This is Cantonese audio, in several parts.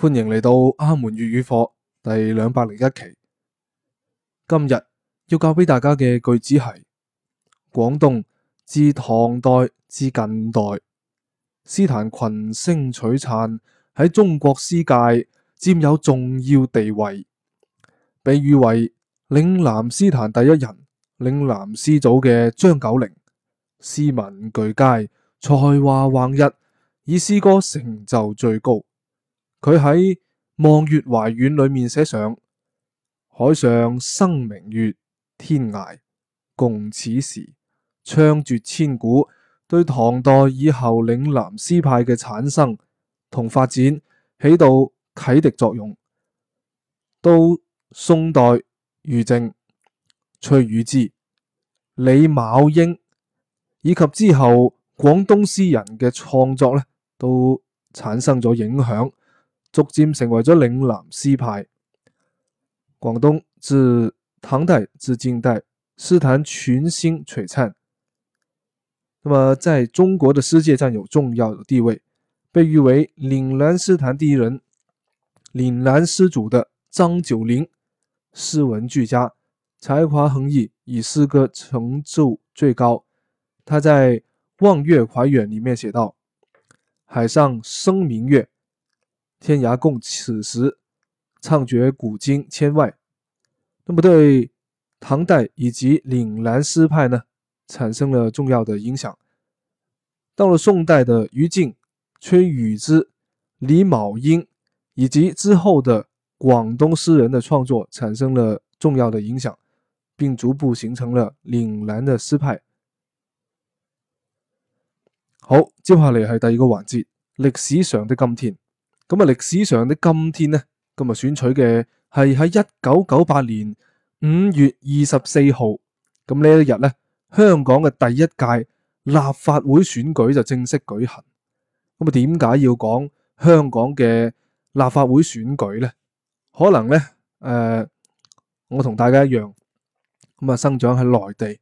歡迎嚟到阿門粵語課第兩百零一期。今日要教俾大家嘅句子係：廣東自唐代至近代，詩壇群星璀璨，喺中國詩界佔有重要地位，被譽為嶺南詩壇第一人、嶺南詩祖嘅張九齡，詩文俱佳，才華橫溢，以詩歌成就最高。佢喺《望月懷遠》裏面寫上：海上生明月，天涯共此時。唱絕千古，對唐代以後嶺南詩派嘅產生同發展起到啟迪作用。到宋代，余靖、崔與之、李茂英以及之後廣東詩人嘅創作咧，都產生咗影響。逐漸成為咗嶺南詩派。廣東自唐代至近代，詩壇群星璀璨，那麼在中國的詩界占有重要的地位，被譽為嶺南詩壇第一人。嶺南詩祖的張九齡，詩文俱佳，才華橫溢，以詩歌成就最高。他在《望月懷遠》裏面寫道，海上生明月。天涯共此時，唱絕古今千外。那麼對唐代以及嶺南詩派呢，產生了重要的影響。到了宋代的余靖、崔與之、李昴英以及之後的廣東詩人的創作產生了重要的影響，並逐步形成了嶺南的詩派。好，接下來係第二個環節，歷史上的今天。咁啊，歷史上的今天咧，咁啊，選取嘅係喺一九九八年五月二十四號，咁呢一日咧，香港嘅第一屆立法會選舉就正式舉行。咁啊，點解要講香港嘅立法會選舉咧？可能咧，誒、呃，我同大家一樣，咁啊，生長喺內地，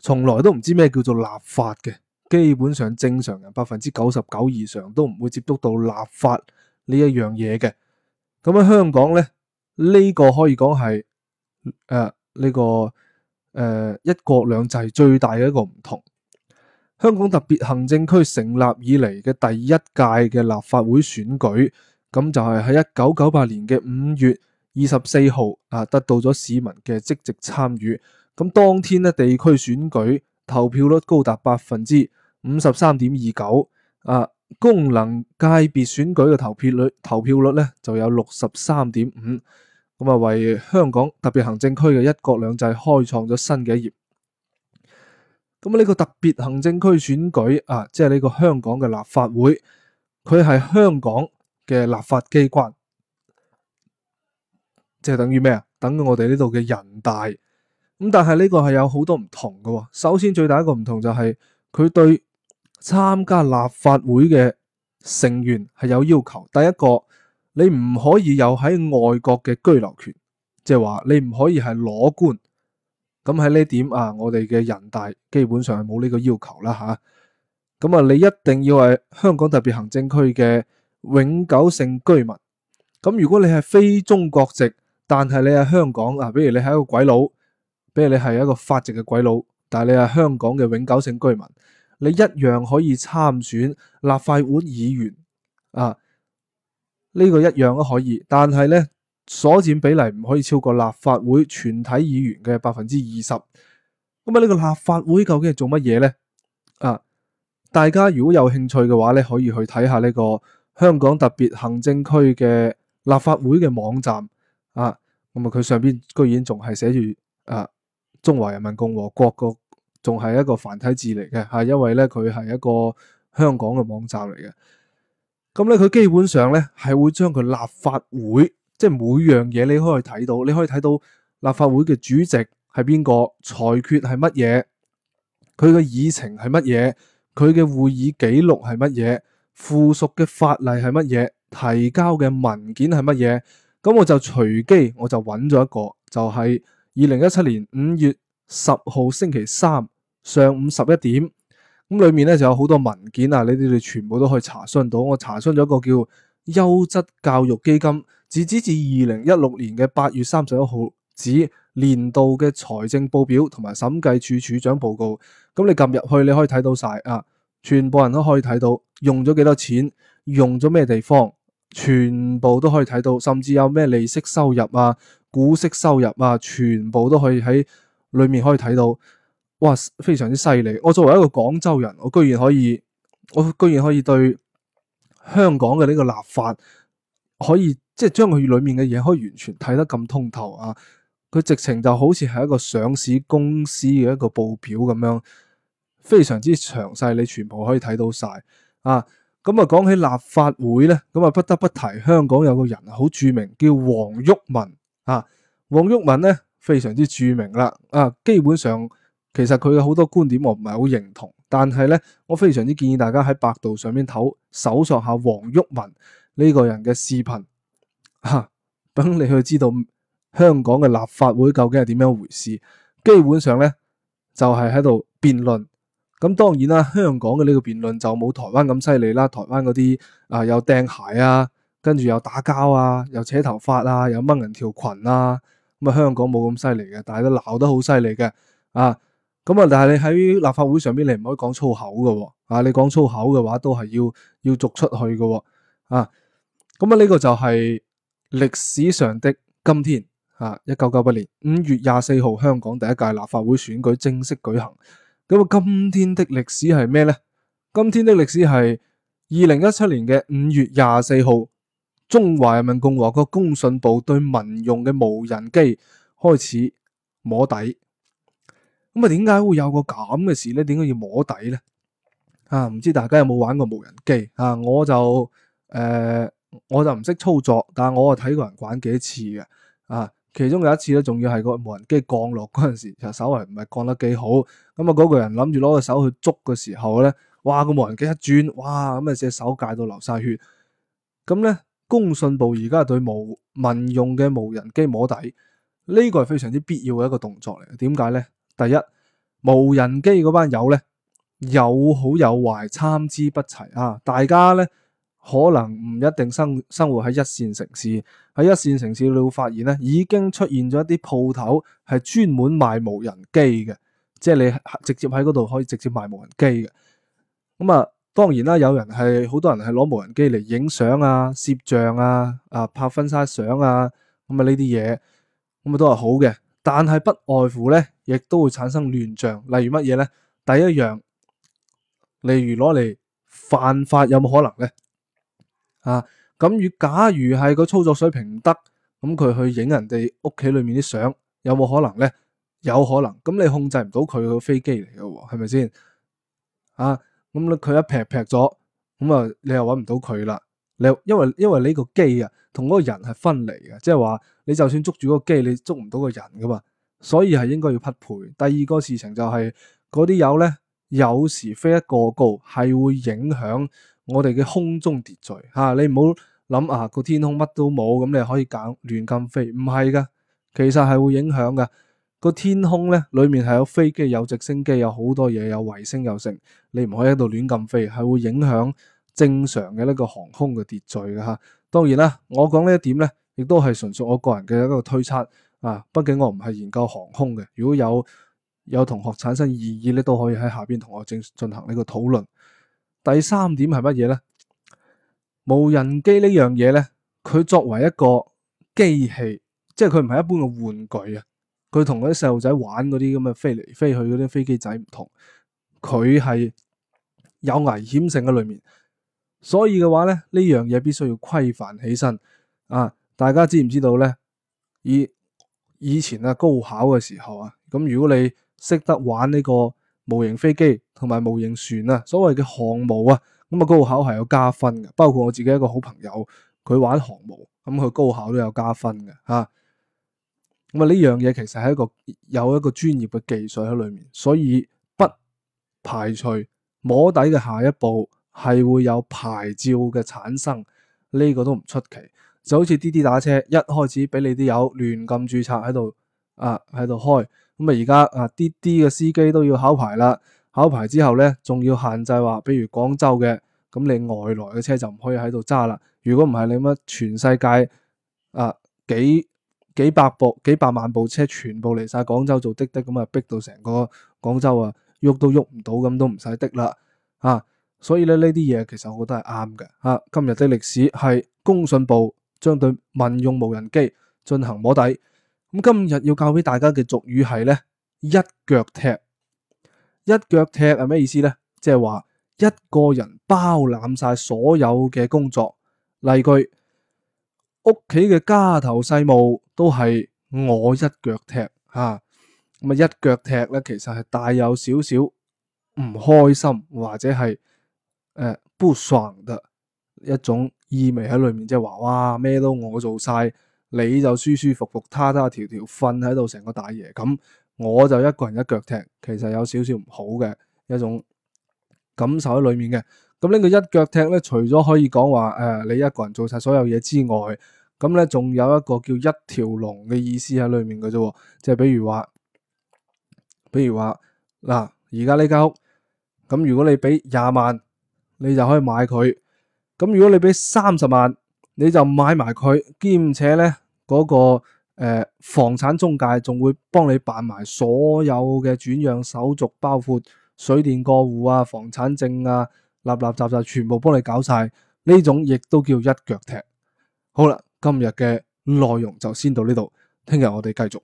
從來都唔知咩叫做立法嘅。基本上正常人百分之九十九以上都唔會接觸到立法呢一樣嘢嘅。咁喺香港咧，呢個可以講係誒呢個誒、呃、一國兩制最大嘅一個唔同。香港特別行政區成立以嚟嘅第一屆嘅立法會選舉，咁就係喺一九九八年嘅五月二十四號啊，得到咗市民嘅積極參與。咁當天咧，地區選舉投票率高達百分之五十三點二九啊，功能界別選舉嘅投票率投票率咧就有六十三點五，咁啊為香港特別行政區嘅一國兩制開創咗新嘅一頁。咁呢個特別行政區選舉啊，即係呢個香港嘅立法會，佢係香港嘅立法機關，即係等於咩啊？等於我哋呢度嘅人大。咁但係呢個係有好多唔同嘅哦。首先最大一個唔同就係佢對。參加立法會嘅成員係有要求，第一個你唔可以有喺外國嘅居留權，即係話你唔可以係裸官。咁喺呢點啊，我哋嘅人大基本上係冇呢個要求啦吓。咁啊，你一定要係香港特別行政區嘅永久性居民。咁如果你係非中國籍，但係你係香港啊，比如你係一個鬼佬，比如你係一個法籍嘅鬼佬，但係你係香港嘅永久性居民。你一樣可以參選立法會議員啊，呢個一樣都可以，但係咧，所佔比例唔可以超過立法會全體議員嘅百分之二十。咁啊，呢個立法會究竟係做乜嘢咧？啊，大家如果有興趣嘅話咧，可以去睇下呢個香港特別行政區嘅立法會嘅網站啊。咁啊，佢上邊居然仲係寫住啊，中華人民共和國個。仲係一個繁體字嚟嘅，吓，因為咧佢係一個香港嘅網站嚟嘅。咁咧佢基本上咧係會將佢立法會，即係每樣嘢你可以睇到，你可以睇到立法會嘅主席係邊個，裁決係乜嘢，佢嘅議程係乜嘢，佢嘅會議記錄係乜嘢，附屬嘅法例係乜嘢，提交嘅文件係乜嘢。咁我就隨機我就搵咗一個，就係二零一七年五月十號星期三上午十一點，咁裏面咧就有好多文件啊！你哋全部都可以查詢到。我查詢咗一個叫優質教育基金，自截至二零一六年嘅八月三十一號指年度嘅財政報表同埋審計處處長報告。咁你撳入去，你可以睇到晒啊，全部人都可以睇到用咗幾多錢，用咗咩地方，全部都可以睇到，甚至有咩利息收入啊、股息收入啊，全部都可以喺。裏面可以睇到，哇，非常之犀利！我作為一個廣州人，我居然可以，我居然可以對香港嘅呢個立法可以，即係將佢裏面嘅嘢可以完全睇得咁通透啊！佢直情就好似係一個上市公司嘅一個報表咁樣，非常之詳細，你全部可以睇到晒啊！咁啊，講起立法會咧，咁啊，不得不提香港有個人好著名，叫黃毓民。啊，黃毓民咧。非常之著名啦，啊，基本上其實佢嘅好多觀點我唔係好認同，但係咧，我非常之建議大家喺百度上面搜搜索下黃毓民呢個人嘅視頻，吓、啊，等你去知道香港嘅立法會究竟係點樣回事。基本上咧就係喺度辯論，咁當然啦，香港嘅呢個辯論就冇台灣咁犀利啦，台灣嗰啲啊又掟鞋啊，跟住又打交啊，又扯頭髮啊，又掹人條裙啊。咁啊，香港冇咁犀利嘅，但係都鬧得好犀利嘅啊！咁啊，但係你喺立法會上邊你唔可以講粗口嘅，啊，你講粗口嘅話都係要要逐出去嘅，啊！咁啊，呢個就係歷史上的今天啊，一九九八年五月廿四號，香港第一屆立法會選舉正式舉行。咁啊，今天的歷史係咩咧？今天的歷史係二零一七年嘅五月廿四號。中華人民共和國工信部對民用嘅無人機開始摸底。咁啊，點解會有個咁嘅事咧？點解要摸底咧？啊，唔知大家有冇玩過無人機？啊，我就誒、呃，我就唔識操作，但係我啊睇過人玩幾次嘅。啊，其中有一次咧，仲要係個無人機降落嗰陣時，其實稍微唔係降得幾好。咁啊，嗰個人諗住攞個手去捉嘅時候咧，哇，個無人機一轉，哇，咁啊隻手介到流晒血。咁咧？工信部而家對無民用嘅無人機摸底，呢個係非常之必要嘅一個動作嚟。點解咧？第一，無人機嗰班友咧有好有壞，參差不齊啊！大家咧可能唔一定生生活喺一線城市，喺一線城市你會發現咧已經出現咗一啲鋪頭係專門賣無人機嘅，即係你直接喺嗰度可以直接賣無人機嘅。咁啊！當然啦，有人係好多人係攞無人機嚟影相啊、攝像啊、啊拍婚紗相啊，咁啊呢啲嘢咁啊都係好嘅。但係不外乎咧，亦都會產生亂象。例如乜嘢咧？第一樣，例如攞嚟犯法，有冇可能咧？啊，咁如假如係個操作水平唔得，咁佢去影人哋屋企裏面啲相，有冇可能咧？有可能。咁你控制唔到佢個飛機嚟嘅，係咪先？啊！咁咧，佢一劈劈咗，咁啊，你又搵唔到佢啦。你因為因為呢個機啊，同嗰個人係分離嘅，即係話你就算捉住嗰個機，你捉唔到個人噶嘛。所以係應該要匹配。第二個事情就係嗰啲友咧，有時飛得過高係會影響我哋嘅空中秩序。吓、啊。你唔好諗啊個天空乜都冇，咁你可以揀亂咁飛，唔係噶，其實係會影響噶。個天空咧，裏面係有飛機、有直升機、有好多嘢、有衛星、有成。你唔可以喺度亂咁飛，係會影響正常嘅呢個航空嘅秩序嘅吓。當然啦，我講呢一點咧，亦都係純屬我個人嘅一個推測啊。畢竟我唔係研究航空嘅，如果有有同學產生異議咧，都可以喺下邊同我正進行呢個討論。第三點係乜嘢咧？無人機呢樣嘢咧，佢作為一個機器，即係佢唔係一般嘅玩具啊。佢同嗰啲細路仔玩嗰啲咁嘅飛嚟飛去嗰啲飛機仔唔同，佢係有危險性喺裏面，所以嘅話咧，呢樣嘢必須要規範起身。啊，大家知唔知道咧？以以前啊高考嘅時候啊，咁如果你識得玩呢個模型飛機同埋模型船啊，所謂嘅航模啊，咁啊高考係有加分嘅。包括我自己一個好朋友，佢玩航模，咁佢高考都有加分嘅，吓、啊。咁啊呢樣嘢其實係一個有一個專業嘅技術喺裏面，所以不排除摸底嘅下一步係會有牌照嘅產生，呢個都唔出奇。就好似滴滴打車，一開始俾你啲友亂咁註冊喺度，啊喺度開，咁啊而家啊滴滴嘅司機都要考牌啦，考牌之後咧仲要限制話，比如廣州嘅咁你外來嘅車就唔可以喺度揸啦。如果唔係你乜全世界啊幾？幾百部幾百萬部車全部嚟晒廣州做滴滴，咁啊逼到成個廣州啊喐都喐唔到，咁都唔使滴啦啊！所以咧呢啲嘢其實我覺得係啱嘅啊。今日嘅歷史係工信部將對民用無人機進行摸底。咁、嗯、今日要教俾大家嘅俗語係咧一腳踢，一腳踢係咩意思咧？即係話一個人包攬晒所有嘅工作。例句。屋企嘅家頭細務都係我一腳踢吓，咁啊一腳踢咧，其實係帶有少少唔開心或者係誒、呃、不爽嘅一種意味喺裏面，即係話哇咩都我做晒，你就舒舒服服，他他條條瞓喺度成個大爺，咁我就一個人一腳踢，其實有少少唔好嘅一種感受喺裏面嘅。咁呢個一腳踢咧，除咗可以講話誒，你一個人做晒所有嘢之外，咁咧仲有一個叫一條龍嘅意思喺裏面嘅啫。即係比如話，比如話嗱，而家呢間屋，咁如果你俾廿萬，你就可以買佢，咁如果你俾三十萬，你就買埋佢，兼且咧嗰個誒房產中介仲會幫你辦埋所有嘅轉讓手續，包括水電過戶啊、房產證啊。立立雜雜全部幫你搞晒，呢種亦都叫一腳踢。好啦，今日嘅內容就先到呢度，聽日我哋繼續。